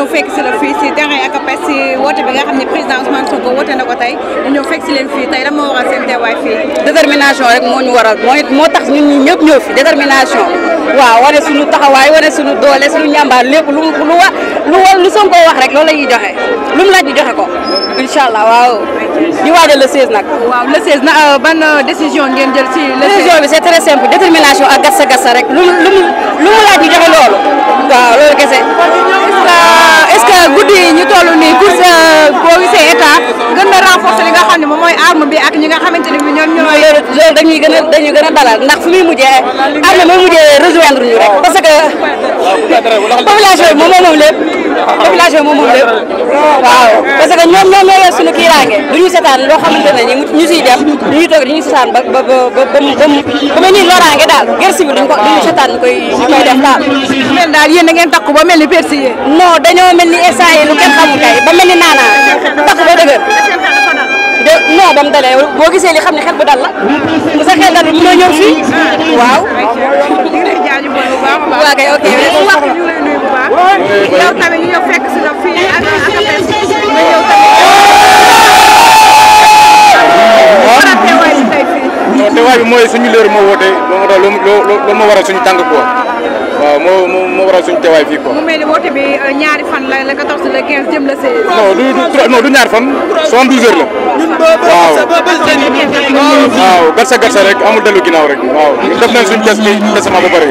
ñëw fekk si la fii si terrain woote bi nga xam ne président Ousmane Sonko woote na ko tey ñu ñëw fekk si leen fii tey lan moo waral seen teewaay fii. détermination rek moo ñu waral moo moo tax ñun ñi ñëpp ñëw fi détermination waaw wane suñu taxawaay wane suñu doole suñu njàmbaar lépp lu lu wa wax rek loolu la joxe lu mu laaj joxe ko incha allah waaw. ñu waajal le 16 nag. waaw le 16 na euh, ban euh, décision ngeen jël ci. le 16 décision bi c'est très simple détermination ak gassa gassa rek lu mu lu mu lu mu laaj ñu joxe loolu. waaw boo gisee état gën na renforcer li nga xam ne moom mooy arme bi ak ñi nga xamante ni bi ñoom ñooy. loolu loolu dañuy gën a dañuy a dalal ndax fu muy mujjee arme muy mujjee rejoindre ñu rek parce que ah, population bi moom moom lépp. population moom moom lépp waaw parce que ñoom ñoom ñoo yor suñu kiiraange duñu setaan loo xamante ne ñu siy dem duñu toog dañuy setaan ba ba ba ba ba ba ñuy loraange daal guerre civile duñu ko duñu setaan ñu koy ñu koy def daal mel daal yéen da ngeen takku ba mel ni persillé non dañoo mel ni instant ba mel ni naanaa takku ba dëgër de non ba mu dalee boo gisee li xam ne xel bu dal la bu sa xel dal mënoo ñëw fii waaw waaw kay ok bu baax yow tamit ñu si la fii bi mooy suñu leer moo woote loolu daal loo ma waral suñu tàng quoi waaw moo moo waral suñu teewaay fii quoi. mu mel ni woote bi euh, ñaari fan la la 14 la 15 jëm la 16. non du du non du ñaari fan 72 la. waaw waaw gatsa rek amul dellu ginnaaw rek waaw def nañ suñu test bi testament ba pare.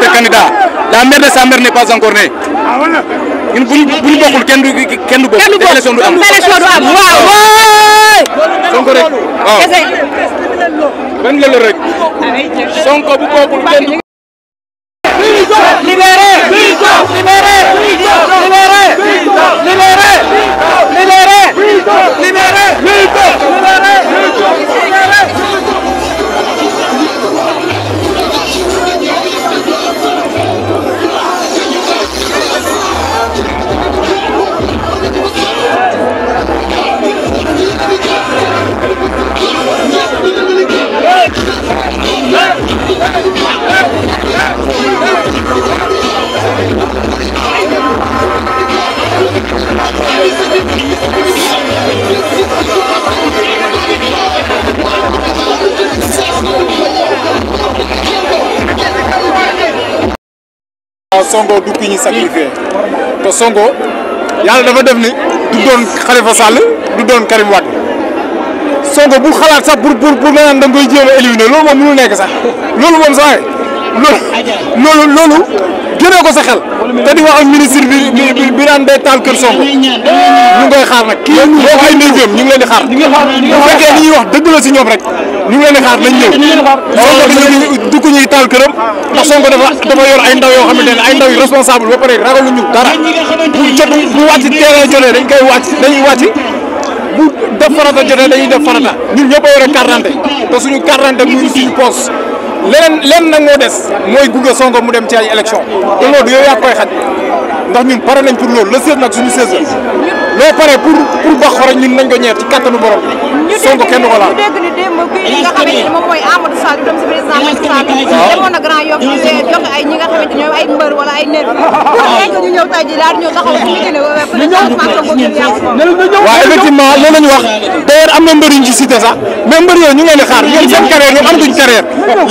candidat la mère de sa mère n'est pas encore née. Ah, ñun bu ñu bu ñu bokkul kenn du kenn Sonko du ku ñuy sacrifié te Sonko yàlla dafa def ni du doon Khalifa Sall du doon Karim Wade Sonko bu xalaat sax pour pour pour nga da koy jéem a éliminer loolu moom mënul nekk sax loolu moom sax loolu loolu loolu génnee ko sa xel te di wax ak ministre bi bi bi bi naan day taal kër Sonko ñu ngi xaar nag. kii boo ay néew ñu ngi leen di xaar ñu fekkee li ñuy wax dëgg la si ñoom rek. ñu ngi leen di xaar nañ ñëw. ñu du ko ñuy taal këram ndax Sonko dafa dafa yor ay yoo xamante ne ay ndaw yu responsable ba pare ragalu ñu dara bu jot bu wàcc teel a jotee dañ koy wàcc dañuy wàcc bu def a yore carte d'identité te suñu carte d'identité muy suñu des mooy gunge Sonko mu dem ci ay élection te loolu du yow yaa koy xaj ndax ñun pare nañ pour loolu la seet nag suñu seet loo pare pour pour baax ñun nañ ko ñeer ci nu borom Sonko kenn du ko laal. ñu dégg ni démb kii nga xamante ni moom ñu joxe ay ñi ñu ñëw tey jii ci ñu ñu wax ñu ngi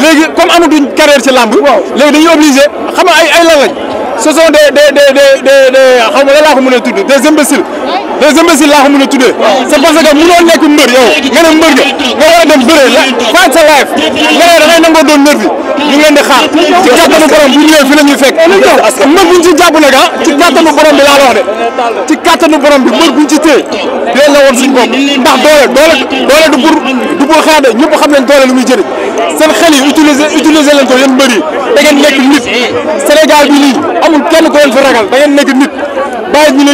léegi comme amatuñ carrière ci làmb léegi dañuy obligé xam ay ay ce sont des des des des des xaw ma laa ko mën a tudd des imbéciles des imbéciles laa ko mën a tuddee c'est parce que mënoo nekk mbër yow nga ne mbër nga nga war a dem bëree la fight sa life nga ne da ngay nangoo doon nervi ñu ngi leen di xaar ci kàttanu borom bu ñëwee fi la ñuy fekk mbër buñ ci jàpp nag ah ci kàttanu borom bi laa la wax de ci kàttanu borom bi mbër buñ ci téye dinañ la woon suñ bopp ndax doole doole doole du pour du pour xaar de ñëpp xam nañ doole lu muy jëriñ seen xel yi utiliser utiliser leen ko yéen mbër yi da ngeen nekk nit Sénégal bi nii amul kenn ku fi ragal da ngeen nekk nit bàyyi ñu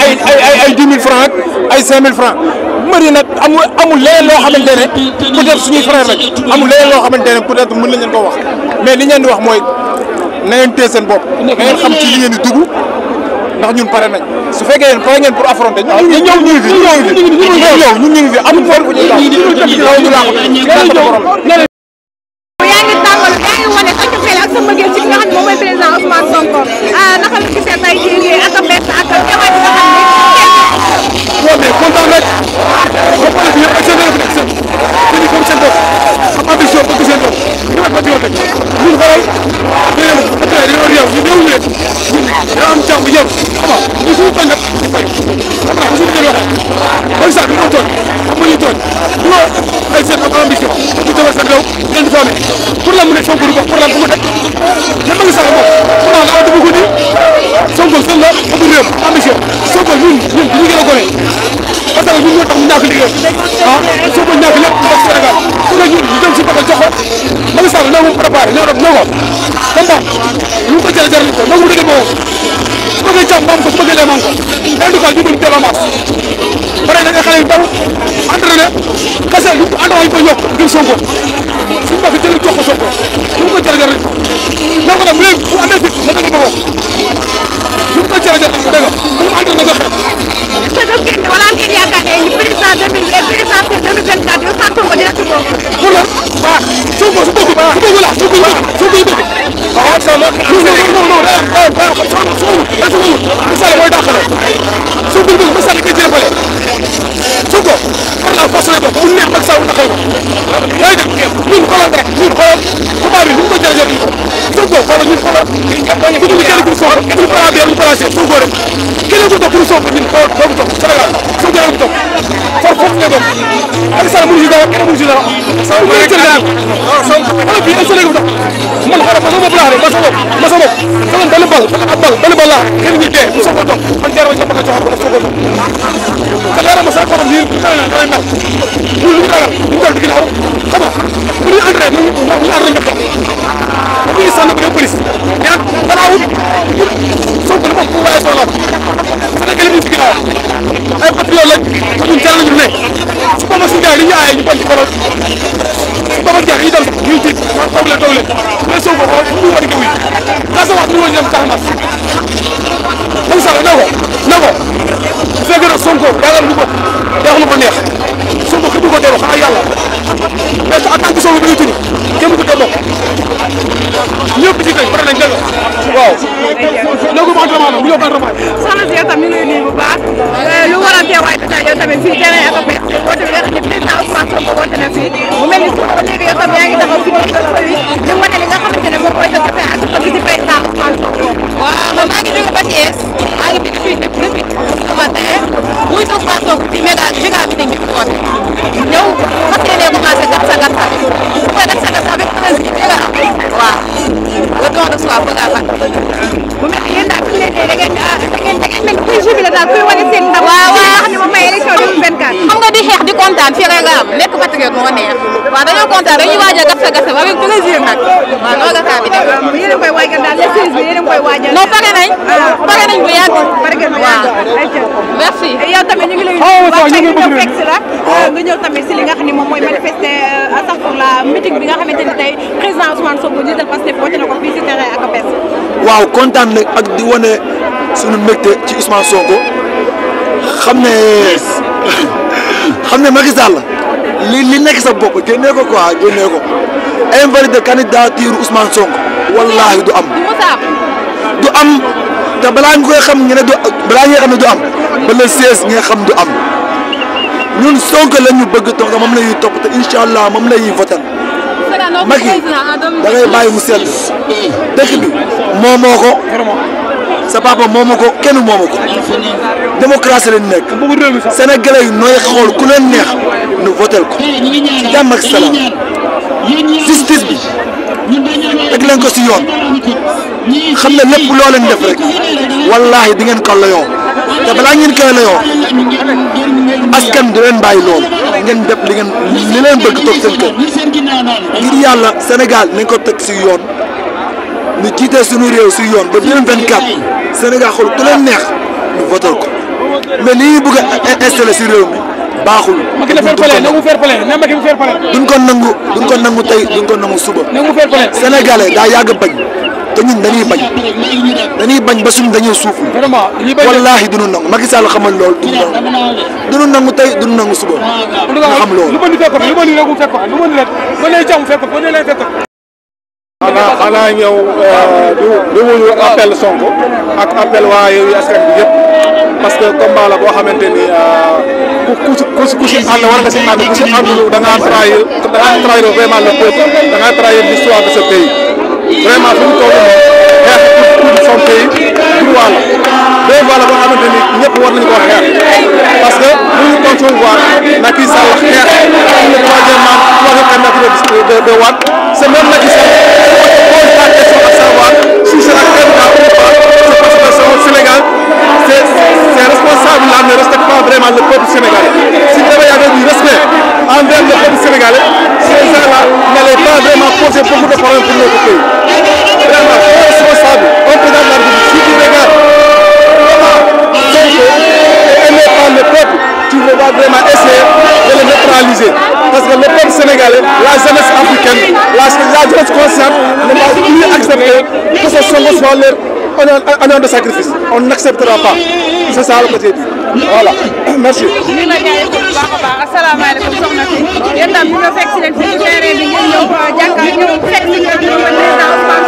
ay ay mille francs ay cinq mille francs mëri nag amul amul leneen loo xamante ne peut-être suñuy frère rek amul leneen loo xamante ne peut-être mën nañ leen ko wax mais li ngeen wax mooy na ngeen téye seen xam ci li ngeen di dugg ñun pare nañ su fekkee yéen pare ngeen pour affronter ñu ñu ñëw ñu ngi fi ñu ñëw ñu ngi fi amul foofu ñu ngi fi amul foofu ñu ngi fi amul foofu ñu ngi fi amul foofu ñu ngi fi naka la gisee tey jii nii ak mbett ak jamono bi nga xam ne waaw mais kontaan rek ba pare bi yëpp ak seen bopp nekk seen dañuy comme seen bopp am ambition bëgg seen bopp ñu nekk patriote rek ñun xoolal dañoo dañoo réew ñu néew ñu leen ñun am jàmm yow xam nga ñu suñu tooñ nag ñu fay xam nga suñu tooñ waxee mooy sax dañoo tooñ xam nga ñu tooñ du ma ay seen am ambition ñu defal seen réew ngeen di formé pour la mu ne sonk du bokk pour la bu mu nekk bëgg réew ambitieux Sonko ñun ñun ñu gën a gore parce que ñun ñoo tax mu ñàkk liggéey ah Sonko ñàkk lépp ak Sénégal ku ne ñun ñu jëm si bëgg a jox ko Macky Sall na mu préparé na doon na ko comme bon lu mu ko jëlee jaral ko nangu dëgg boobu su bëggee jàmm maam ko su bëggee lee maam ko en tout cas ñu gën teel a maas pare na nga xale yu taw entraîné kese lu àndoo yi ko yokk ngir Sonko su mu bëgg jëlee jox ko Sonko lu mu ko jëlee jaral ko na ko nag bu dee bu amee fit na ko jërëjëf dégg nga bu mu ànd na nga xeex. est-ce que daf ngeen wala ngeen yaakaar ne ñu président 2000 et président 2024 yow sant ko dina ci bokk. pour la baax Sonko su bëgg baax su bëgg laa Sonko baax Sonko yi bëgg. waaw ak sama ak sama non non non day am day am day am Sonko Sonko dafa wóor Macky Sall mooy dàqale Sonko bëgg Macky Sall koy jërëfale Sonko par la force lay bokk mu neex Macky Sall ndax xëy na. yaa ngi dégg ñun xoolal rek ñun xoolal tubaab bi ni mu ko jërëjëf ko wala ñun xoolal ku ñu kenn ku soxla ñu balaa bee ñu balaa si pour góor kenn ku toog pour soxla ñun xool doomu toog Sénégal suñu jaay bu toog for foofu nga toog Aliou Sall mënu si dara kenn mënu si dara sama mënu si dara wala fii ay Sénégal bu toog man xoolal ma sama bopp laa rek ma sama bopp ma sama bopp sama benn bal ab bal benn bal laa kenn ñu dee mu soxla toog man jaar ma ci la bëgg a joxal ko daf soxla toog te leeral ma sa xolam lii da ngay mel bu lu ñu ragal ñu toog di ginnaaw xam nga bu ñu entraîné ñu ñu entraîné solo ana gën a ñu ci ay patriote lañ ñun jar nañu ne su ko mos njaay li ñu aaye ñu bañ ci xolal su ko mos njaay ñu dem ñuy tiit man toog leen toog leen mais soo ko xool ñu war a gëw yi naa sa wax ñu woon dem taxamas Macky Sall na ko na ko bu fekkee nag Sonko yàlla lu ko neex Sonko xëju ko delloo xanaa yàlla mais que ak ku solo bi ñu tënk kenn ku koy bokk ñëpp ci tey pare nañ dëgg waaw. léegi mu entraînement la mu yokk entraînement bi. soxna si yow tam ñu ngi lay nuyu bu baax euh, lu waral teewaay bi tey yow tamit fii terrain ak affaire bi boo demee rek ne président Ousmane Sonko woote na fii mu mel ni suba ba léegi yow tam yaa ngi taxaw fii nii nga xam ne li nga xam plaisir nag waaw loolu la kaa bi def. waaw yéen a ngi koy waajal daal les services yéen ngi koy waajal. non pare ah. bu yàgg. pare merci. yow tamit ñu ngi lay. Ah, waaw ñu ngi ah, nga ñëw tamit si li nga xam ne moom mooy manifester euh, sax la meeting bi nga xamante ni tey président Ousmane Sonko jiital Pastef woote na ko fii si terrain ak APS. waaw kontaan nag ak di wane suñu mbégte ci Ousmane Sonko xam ne xam ne Macky li li nekk sa bopp génnee ko quoi génnee ko. invalide candidature Ousmane Sonko wallaahi du am. du am te balaa ñu koy xam ñu ne du balaa xam ne du am ba le 16 nga xam du am ñun Sonko la ñu bëgg toog moom la ñuy topp te incha allah moom la ñuy votal. Macky da ngay bàyyi mu sedd dëkk bi moomoo ko sa papa moomoo ko kenn moomoo ko démocratie lañ nekk Sénégalais yi nooy xool ku leen neex nu votel ko jàmm ak salaam. justice bi teg leen ko si yoon xam ne lépp loo leen def rek wallaahi di ngeen ko layoo te balaa ngeen koy layoo askan di leen bàyyi lool ngeen def li ngeen li leen bëgg toog seen kër ngir yàlla Sénégal nañ ko teg si yoon ñu jiitee suñu réew si yoon ba 2024 Sénégal xool ku leen neex ñu votal ko mais li ñuy bëgg a installé si réew mi. baaxul. Macky na fair play nangu fair play na Macky bu fair play. nangu duñ ko nangu suba. nangu fair play. bañ te ñun bañ dañuy bañ ba suñ dañoo suuf. vraiment dañuy bañ wallaahi duñu nangu Macky Sall xamal loolu duñu nangu duñu nangu tey duñu nangu suba. nga xam loolu lu ma ni fekk ko fi lu ma ni rek mu fekk ko fi lu appel Sonko ak appel waa Yewwi Askan parce que combat la boo xamante ni euh, ku ku ku si ànd war nga si ànd ku si trahir da trahir vraiment le peuple da trahir l'histoire de ce pays vraiment fi mu toll nii xeex pour pays droit la la boo xamante ni ñëpp war nañu koo xeex parce que bu ñu concevoir Macky Sall xeex pour le troisième mandat troisième candidature de de Wade c'est même Macky Sall. pose la question à savoir si c'est la candidat ou pas, c'est parce que au Sénégal, ces, ces responsables-là ne respectent pas vraiment le peuple sénégalais. S'il devait y avoir du respect envers le peuple sénégalais, ces gens-là n'allaient pas vraiment poser beaucoup de problèmes pour notre pays. Vraiment, un responsable, un président de la République, dans leur un an de sacrifice on n'acceptera pas c'est ça le côté bi voilà merci. ñu ngi lay jaajëfal bu baax a baax asalaamaaleykum soxna si yéen tam bi nga fekk si leen fii ci terrain bi ngeen ñëw jàkkaarloo ñëw fekk si ñu ak président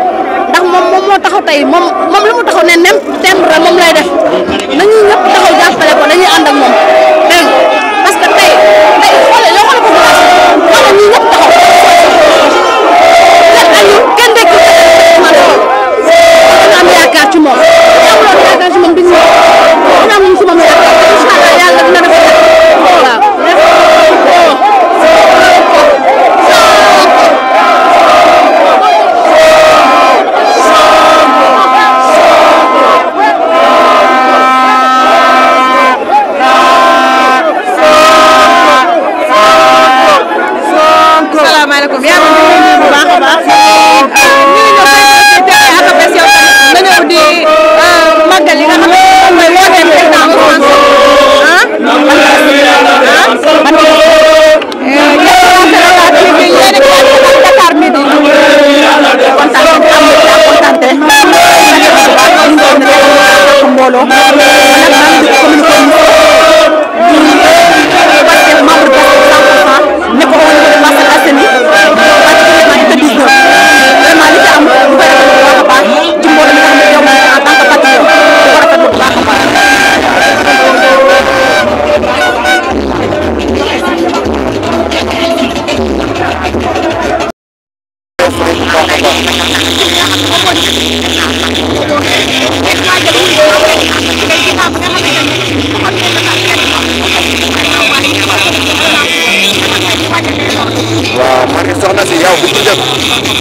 ndax moom moom moo taxaw tey moom moom lu mu taxaw ne nem tem moom lay def nañu ñëpp taxaw jàppale ko dañuy ànd ak moom dégg parce que tey tey xoolal loo xoolal population xoolal ñii ñëpp taxaw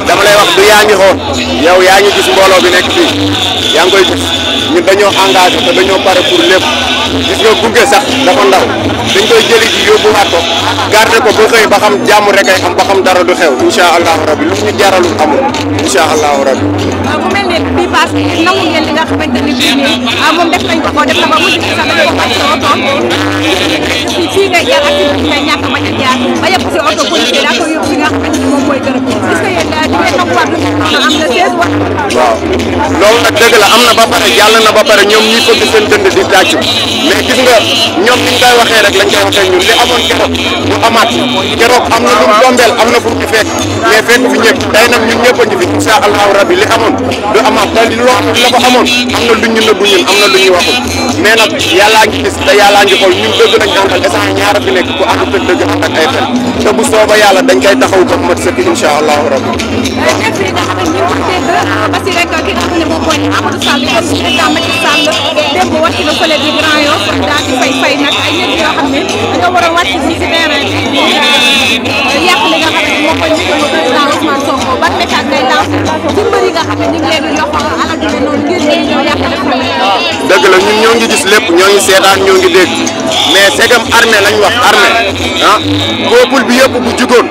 dama lay wax du yaa ngi xool yow yaa ngi gis mbooloo bi nekk fii yaa ngi koy gis ñun dañoo engagé te dañoo pare pour lépp gis nga gunge sax dafa ndaw dañ koy jëli ji yóbbuwaat ko garde ko ba xëy ba xam jàmm rek ay am ba xam dara du xew incha allahu rabi lu ñu jaralul amul incha allahu rabi. Ah, daal ba yem si oto am na 16 wax. waaw loolu nag dëgg la am na ba pare jàll na ba pare ñoom ñuy fëgg seen dënd di tàcc mais gis nga ñoom ni ñu koy waxee rek lañ koy waxee ñun li amoon keroog ñu amaat keroog am na lu mu tombeel am na fu mu fekk mais fekk fi ñëpp tey nag ñun ñëpp a ngi fi incha allahu rabbi li amoon du amaat te li loo la ko amoon am na lu ñu nëbbu ñun am na lu ñu waxul mais nag yàllaa ngi gis te yàllaa ngi xool ñun dëgg nañ àndal instant a fi nekk ku ànd dëgg ànd ak ay xel te bu sooba yàlla dañ koy taxaw ba mat sëkk incha allahu rabbi. def li nga xam ne ñu ngi dégg ah, Basi rek ki nga xam ne moom mooy Amadou Sall yéen président Macky Sall démb wàcc na fële bi Grand Yoff daal di fay fay nag ay nit yoo xam ne dañoo war a wàcc ci si terrain bi euh, yàq li nga xam ne moom mooy njëkk président Ousmane Sonko ban message ngay lancé ci mbër yi nga xam ne ñu ngi leen di yokk alal ju mel noonu ngir ñoom ñoo yàq rek. dëgg la ñun ñoo ngi gis lépp ñoo ngi seetaan ñoo ngi dégg mais segam armée lañ wax armée ah. peuple bi yëpp bu jugoon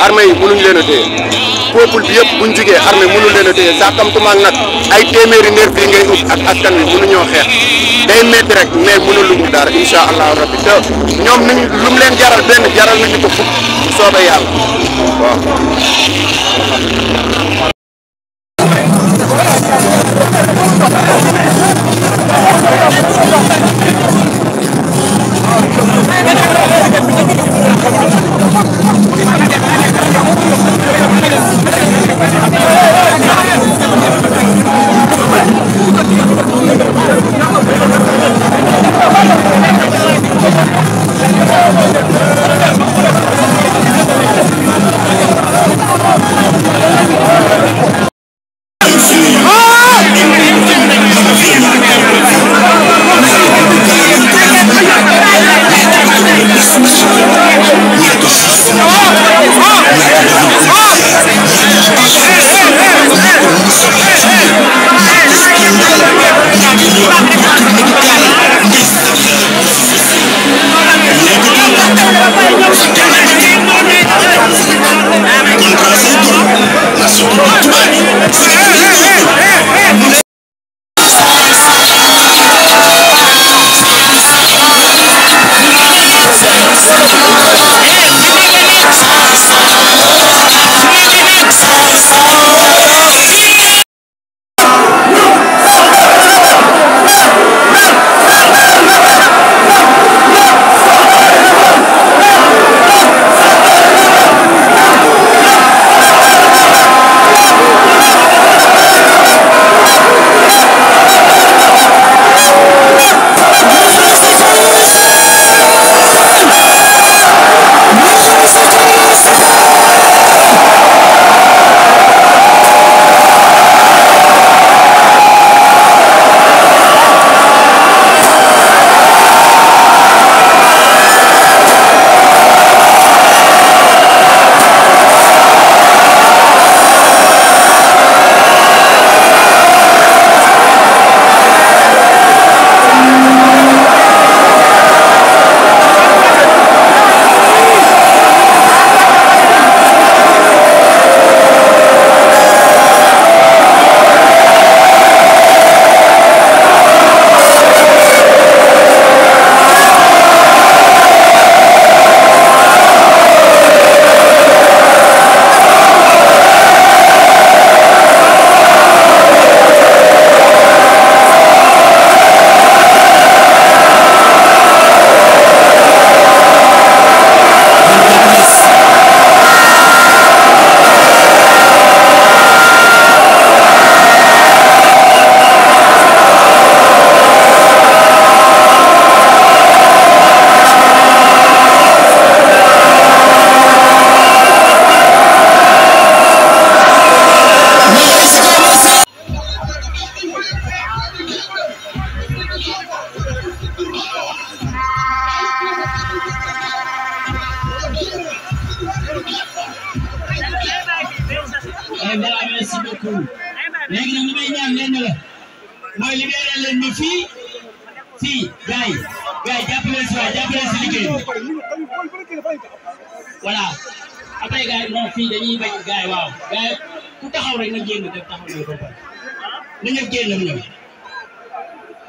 armée yi mënuñ leen a téye peuple bi yëpp buñ jugee armée mënuñ leen a téye saa kamtumaak nag ay téeméeri nerf yi ngay ut ak askan wi mënuñoo xeex day métti rek mais mënul lu mu dara incha allahu rabbi te ñoom nuñ lu mu leen jaral benn jaral nañu ko fukk soobee yàlla waaw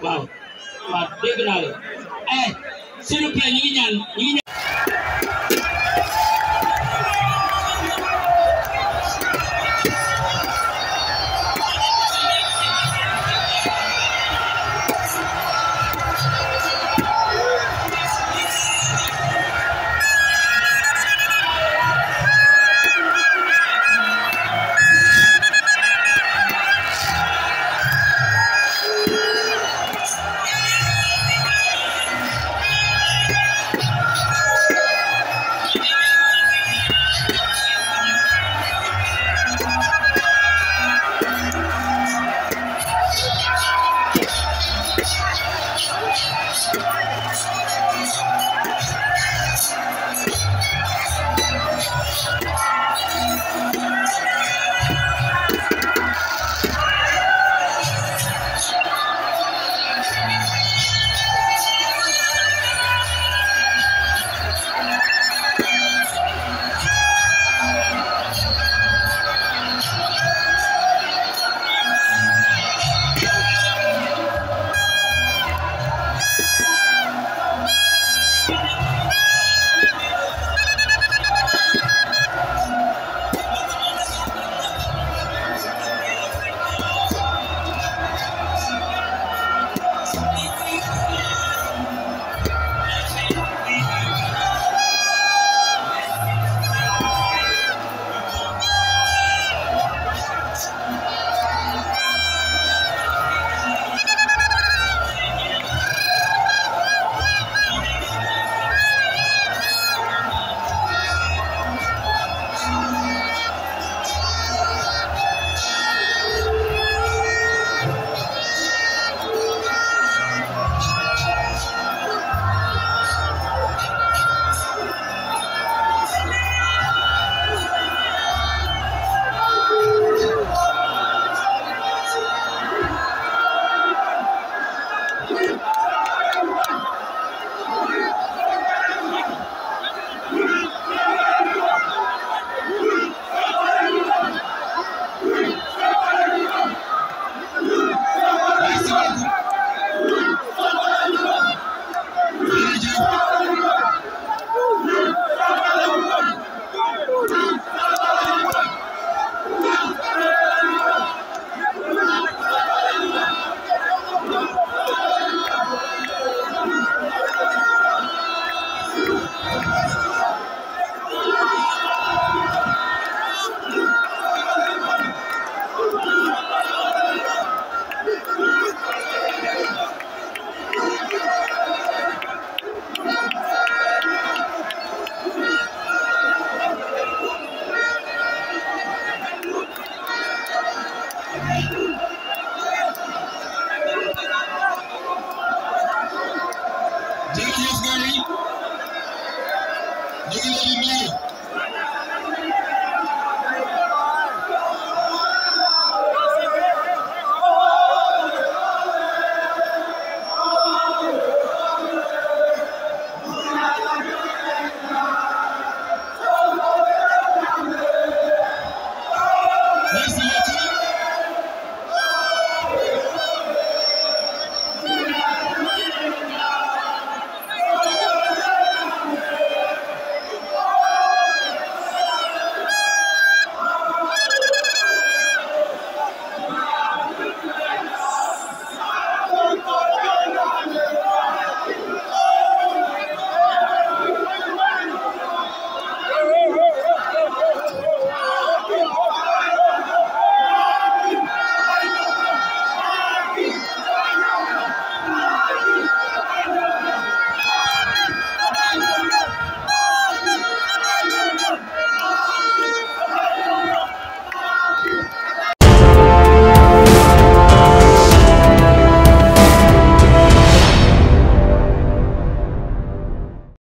waaw waaw la eh s'il vous plaît ñu ngi ñaan ñu ngi